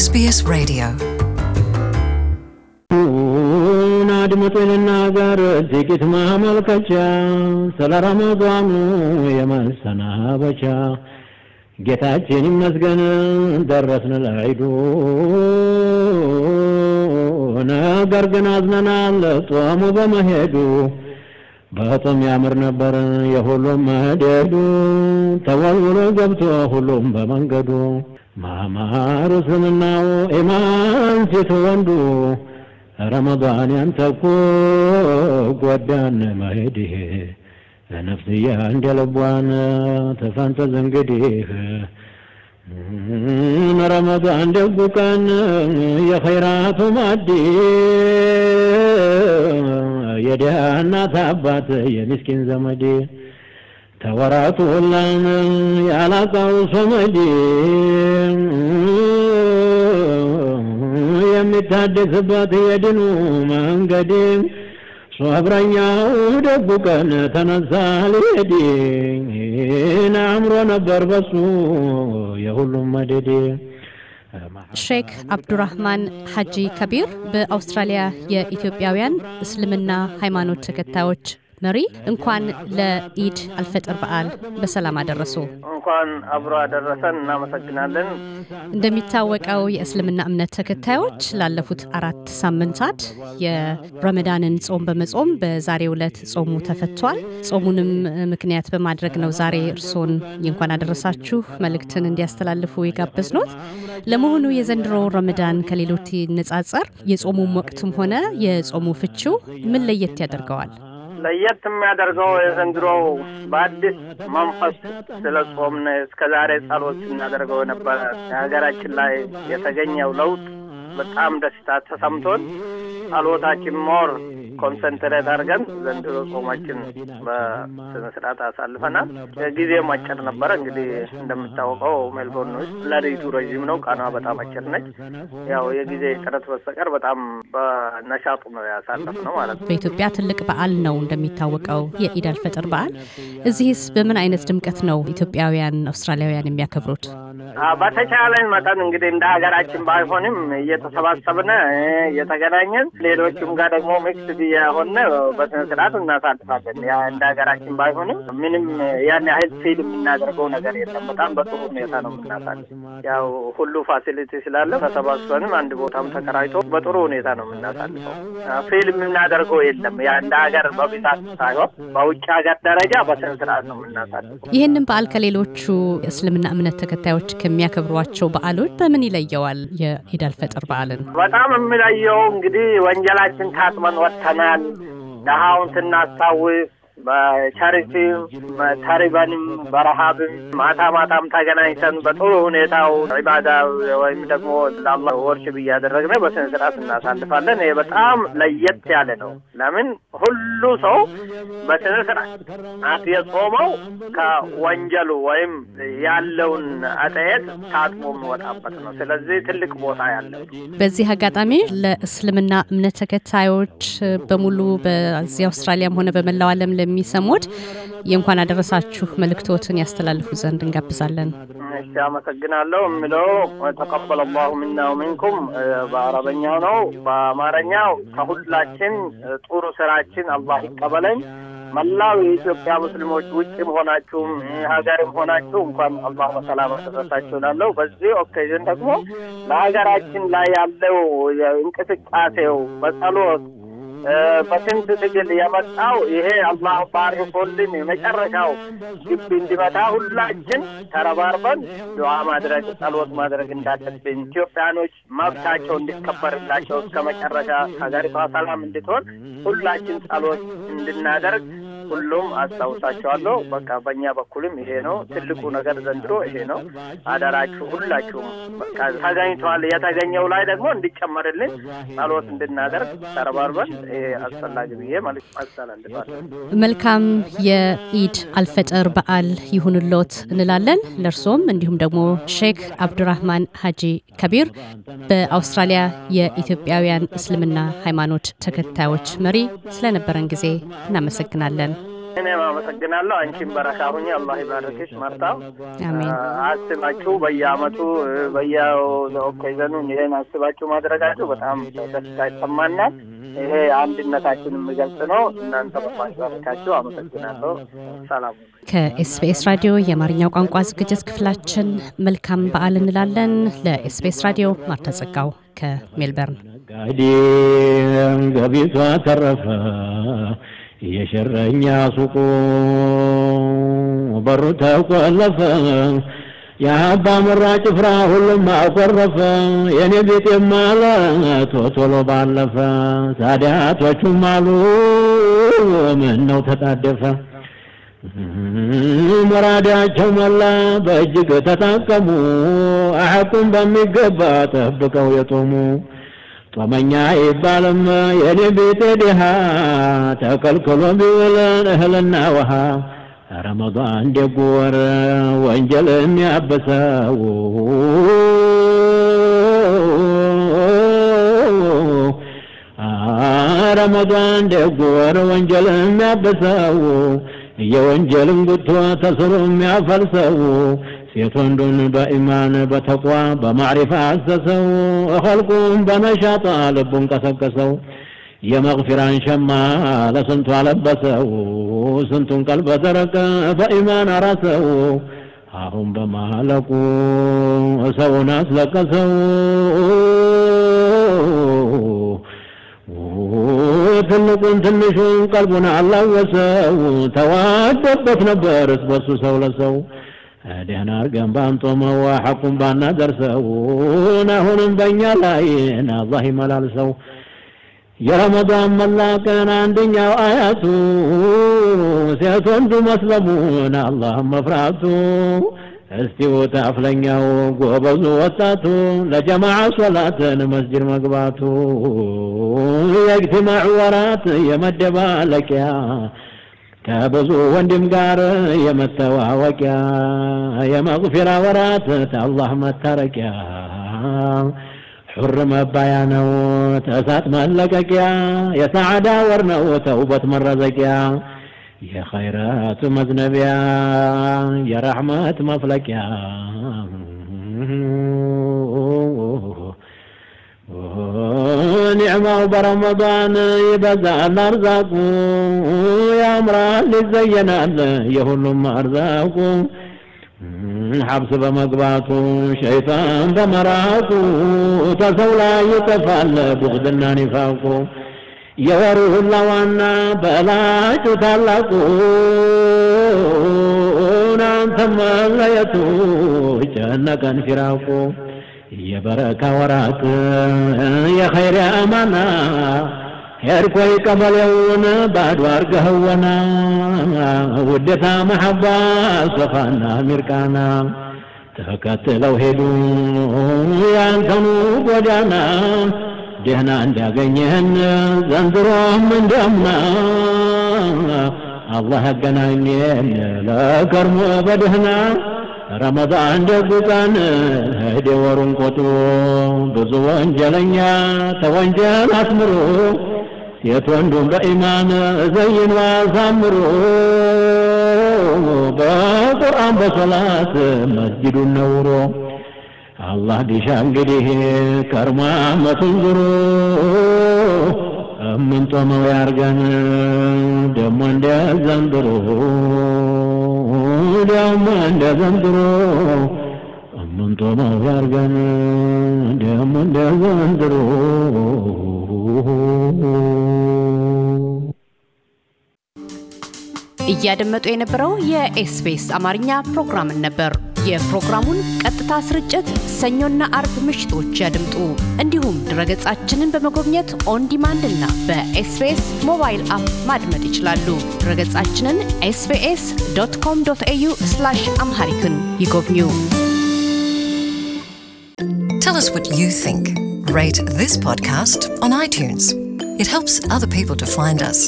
ኤስቢኤስ ሬዲዮ አድምጡንና ጋር ጥቂት ማመልከቻ ስለ ረመዷኑ የመሰናበቻ ጌታችን ይመስገን ደረስን ለዒዱ። ነገር ግን አዝነናል ጾሙ በመሄዱ በጾም ያምር ነበር የሁሉም መሄዱ ተወልውሎ ገብቶ ሁሉም በመንገዱ ማማሩ እስልምናው ኢማን ሴት ወንዱ ረመዳን ያንተኮ ጎዳን መሄድህ ነፍስያ እንደ ልቧን ተፋንተዝ እንግዲህ ረመዳን ደጉ ቀን የኸይራቱ ማዲ የድሃ እናት አባት የሚስኪን ዘመዴ ተወራቱ ላም ያላጣው ሶመዲ የሚታደስበት የድኑ መንገድ ሶብረኛው ደጉ ቀን ተነሳ ሊሄድ አእምሮ ነበር በሱ የሁሉም መደድ። ሼክ አብዱራህማን ሐጂ ከቢር በአውስትራሊያ የኢትዮጵያውያን እስልምና ሃይማኖት ተከታዮች መሪ እንኳን ለኢድ አልፈጥር በዓል በሰላም አደረሱ። እንኳን አብሮ አደረሰን። እናመሰግናለን። እንደሚታወቀው የእስልምና እምነት ተከታዮች ላለፉት አራት ሳምንታት የረመዳንን ጾም በመጾም በዛሬው ዕለት ጾሙ ተፈቷል። ጾሙንም ምክንያት በማድረግ ነው ዛሬ እርሶን እንኳን አደረሳችሁ መልእክትን እንዲያስተላልፉ የጋበዝኖት። ለመሆኑ የዘንድሮ ረመዳን ከሌሎች ይነጻጸር የጾሙም ወቅትም ሆነ የጾሙ ፍቺው ምን ለየት ያደርገዋል? ለየት የሚያደርገው የዘንድሮ በአዲስ መንፈስ ስለ ጾምን እስከ ዛሬ ጸሎት የሚያደርገው የነበረ የሀገራችን ላይ የተገኘው ለውጥ በጣም ደስታ ተሰምቶን ጸሎታችን ሞር ኮንሰንትሬት አድርገን ዘንድሮ ጾማችን በስነ ስርዓት አሳልፈናል። ጊዜ አጭር ነበረ። እንግዲህ እንደምታወቀው ሜልቦርን ውስጥ ለሪቱ ረዥም ነው፣ ቀኗ በጣም አጭር ነች። ያው የጊዜ ጥረት በስተቀር በጣም በነሻጡ ነው ነው ማለት ነው። በኢትዮጵያ ትልቅ በዓል ነው እንደሚታወቀው የኢዳል ፈጥር በዓል። እዚህስ በምን አይነት ድምቀት ነው ኢትዮጵያውያን አውስትራሊያውያን የሚያከብሩት? በተቻለን መጠን እንግዲህ እንደ ሀገራችን ባይሆንም እየተሰባሰብን እየተገናኘን ሌሎችም ጋር ደግሞ ሚክስ የሆነ በስነ ስርዓት እናሳልፋለን። እንደ ሀገራችን ባይሆንም ምንም ያን ያህል ፊል የምናደርገው ነገር የለም። በጣም በጥሩ ሁኔታ ነው የምናሳልፍ። ያው ሁሉ ፋሲሊቲ ስላለ ተሰባስበንም አንድ ቦታም ተከራይቶ በጥሩ ሁኔታ ነው የምናሳልፈው። ፊል የምናደርገው የለም። እንደ ሀገር በብዛት ሳይሆን በውጭ ሀገር ደረጃ በስነ ስርዓት ነው የምናሳልፈው። ይህንን በዓል ከሌሎቹ እስልምና እምነት ተከታዮች ከሚያከብሯቸው በዓሎች በምን ይለየዋል? የኢዳል ፈጥር በዓልን በጣም የሚለየው እንግዲህ ወንጀላችን ታጥመን ወጥተን ሰማያት ድሃውን ስናስታውስ በቻሪቲም በታሪባንም በረሃብም ማታ ማታም ተገናኝተን በጥሩ ሁኔታው ዒባዳ ወይም ደግሞ ለአላ ወርሽብ እያደረግነ በስነ ስርዓት እናሳልፋለን። ይሄ በጣም ለየት ያለ ነው። ለምን ሁሉ ሁሉ ሰው በስነ ስርዓት የጾመው ከወንጀሉ ወይም ያለውን አጠየት ታጥሞ የሚወጣበት ነው። ስለዚህ ትልቅ ቦታ ያለው በዚህ አጋጣሚ ለእስልምና እምነት ተከታዮች በሙሉ በዚህ አውስትራሊያም ሆነ በመላው ዓለም ለሚሰሙት የእንኳን አደረሳችሁ መልእክቶትን ያስተላልፉ ዘንድ እንጋብዛለን። እሺ አመሰግናለሁ የሚለው ተቀበለ አላሁ ሚና ወሚንኩም በአረበኛው ነው። በአማርኛው ከሁላችን ጥሩ ስራችን አላህ ይቀበለኝ። መላው የኢትዮጵያ ሙስሊሞች ውጭም ሆናችሁም ሀገርም ሆናችሁ እንኳን አላህ በሰላም አደረሳችሁ እላለሁ። በዚህ ኦኬዥን ደግሞ ለሀገራችን ላይ ያለው እንቅስቃሴው በጸሎት በስንት ትግል የመጣው ይሄ አላህ ባርኮልን የመጨረሻው ግቢ እንዲመታ ሁላችን ተረባርበን ዱዓ ማድረግ ጸሎት ማድረግ እንዳለብን ኢትዮጵያኖች መብታቸው እንዲከበርላቸው እስከ መጨረሻ ሀገሪቷ ሰላም እንድትሆን ሁላችን ጸሎት እንድናደርግ ሁሉም አስታውሳቸዋለሁ። በቃ በእኛ በኩልም ይሄ ነው ትልቁ ነገር ዘንድሮ ይሄ ነው። አደራችሁ ሁላችሁም ተገኝተዋል። የተገኘው ላይ ደግሞ እንዲጨመርልን ጸሎት እንድናደርግ ተረባርበን አስፈላጊ ብዬ ማለት አስተላልፋለሁ። መልካም የኢድ አልፈጠር በዓል ይሁንሎት እንላለን ለእርሶም፣ እንዲሁም ደግሞ ሼክ አብዱራህማን ሀጂ ከቢር በአውስትራሊያ የኢትዮጵያውያን እስልምና ሃይማኖት ተከታዮች መሪ ስለነበረን ጊዜ እናመሰግናለን። እኔም አመሰግናለሁ። አንቺን በረካ ሁኚ። አላህ ይባረክሽ። መርታው አስባችሁ በየአመቱ በየኦኬዘኑ ይሄን አስባችሁ ማድረጋችሁ በጣም ደስታ ይሰማናል። ይሄ አንድነታችን የሚገልጽ ነው። እናንተ በማስባረካችሁ አመሰግናለሁ። ሰላም። ከኤስቢኤስ ራዲዮ የአማርኛው ቋንቋ ዝግጅት ክፍላችን መልካም በዓል እንላለን። ለኤስቢኤስ ራዲዮ ማርታ ጸጋው ከሜልበርን ገቢቷ ተረፈ የሸረኛ ሱቁ በሩ ተቆለፈ፣ የሀባ ምራ ጭፍራ ሁሉም አቆረፈ። የኔ ቤጤም አለ ቶቶሎ ባለፈ፣ ታዲያቶቹም አሉ ምን ነው ተጣደፈ። መራዳቸው መላ በእጅግ ተጣቀሙ፣ አሐቁም በሚገባ ጠብቀው የጦሙ ጦመኛ ይባልም የድንቢት ድሃ ተከልክሎ ቢውልን እህልና ውሃ ረመዳን ደጉ ወንጀል የሚያበሰው ረመዷን ደጉ ወንጀል የሚያበሰው የወንጀልን ጉቶ ተስሮ የሚያፈልሰው ሴት ወንዱን በኢማን በተቋ በማዕሪፋ አሰሰው ኸልቁን በነሻጣ ልቡን ቀሰቀሰው የመግፊራን ሸማ ለስንቱ አለበሰው ስንቱን ቀልበ ዘረቀ በኢማን አራሰው አሁን በማለቁ ሰውን አስለቀሰው ትልቁን ትንሹን ቀልቡን አላወሰው ተዋደበት ነበር እስበሱ ሰው ለሰው ደህና አርገን ባንጦመዋ ሐቁን ባናደርሰውን አሁንም በእኛ ላይ አላህ ይመላልሰው። የረመዳን መላቀን አንደኛው አያቱ ሴት ወንዱ መስለሙን አላህም መፍራቱ እስቲ ውጣ አፍለኛው ጎበዙ ወጣቱ ለጀማዓ ሶላትን መስጅድ መግባቱ የእጅትማዕ ወራት የመደባለቂያ ከብዙ ወንድም ጋር የመተዋወቂያ የመግፊራ ወራት ተአላህ መታረቂያ ሑር መባያ ነው ተእሳት መለቀቂያ የሰዓዳ ወር ነው ተውበት መረዘቂያ የኸይራቱ መዝነቢያ የረሕመት መፍለቂያ ኒዕማው በረመዳን ይበዛል አርዛቁ ያምራል ይዘየናል የሁሉም አርዛቁ ሀብስ በመግባቱ ሸይጣን በመራቁ ተሰው ላይ ይጠፋል ቡግድና ኒፋቁ የወሩ ሁላ ዋና በላጩ ታላቁ እናንተ መለየቱ ጨነቀን ፊራቁ የበረከ ወራት የኸይር አማና ሄድኮይ ቀበሌውን ባዶ አርገህወና ውደታ መሐባ ሶፋና ሚርቃና ተከትለው ሄዱ ያንተኑ ጎዳና ደህና እንዳገኘህን ዘንድሮም እንደምና አላህ ያገናኘን ለከርሞ በደህና ረመዳን ደግጠን ሄደ ወሩን ቆጥሮ ብዙ ወንጀለኛ ተወንጀል አስምሮ ሴት ወንዱን በኢማን ዘይን አሳምሮ በቁርአን በሶላት መስጅዱን ነውሮ አላህ ዲሻ እንግዲህ ከርማ አመቱን ዙሮ እምንጦመው ያርገን ደሞ እንደ ዘንድሮ እንዲያውም እንደ ዘንድሮ እንደ ዘንድሮ እያደመጡ የነበረው የኤስቢኤስ አማርኛ ፕሮግራምን ነበር። የፕሮግራሙን ቀጥታ ስርጭት ሰኞና አርብ ምሽቶች ያድምጡ። እንዲሁም ድረገጻችንን በመጎብኘት ኦን ዲማንድ እና በኤስቤስ ሞባይል አፕ ማድመጥ ይችላሉ። ድረገጻችንን ኤስቤስ ዶት ኮም ዶት ኤዩ አምሃሪክን ይጎብኙ። Tell us what you think. Rate this podcast on iTunes. It helps other people to find us.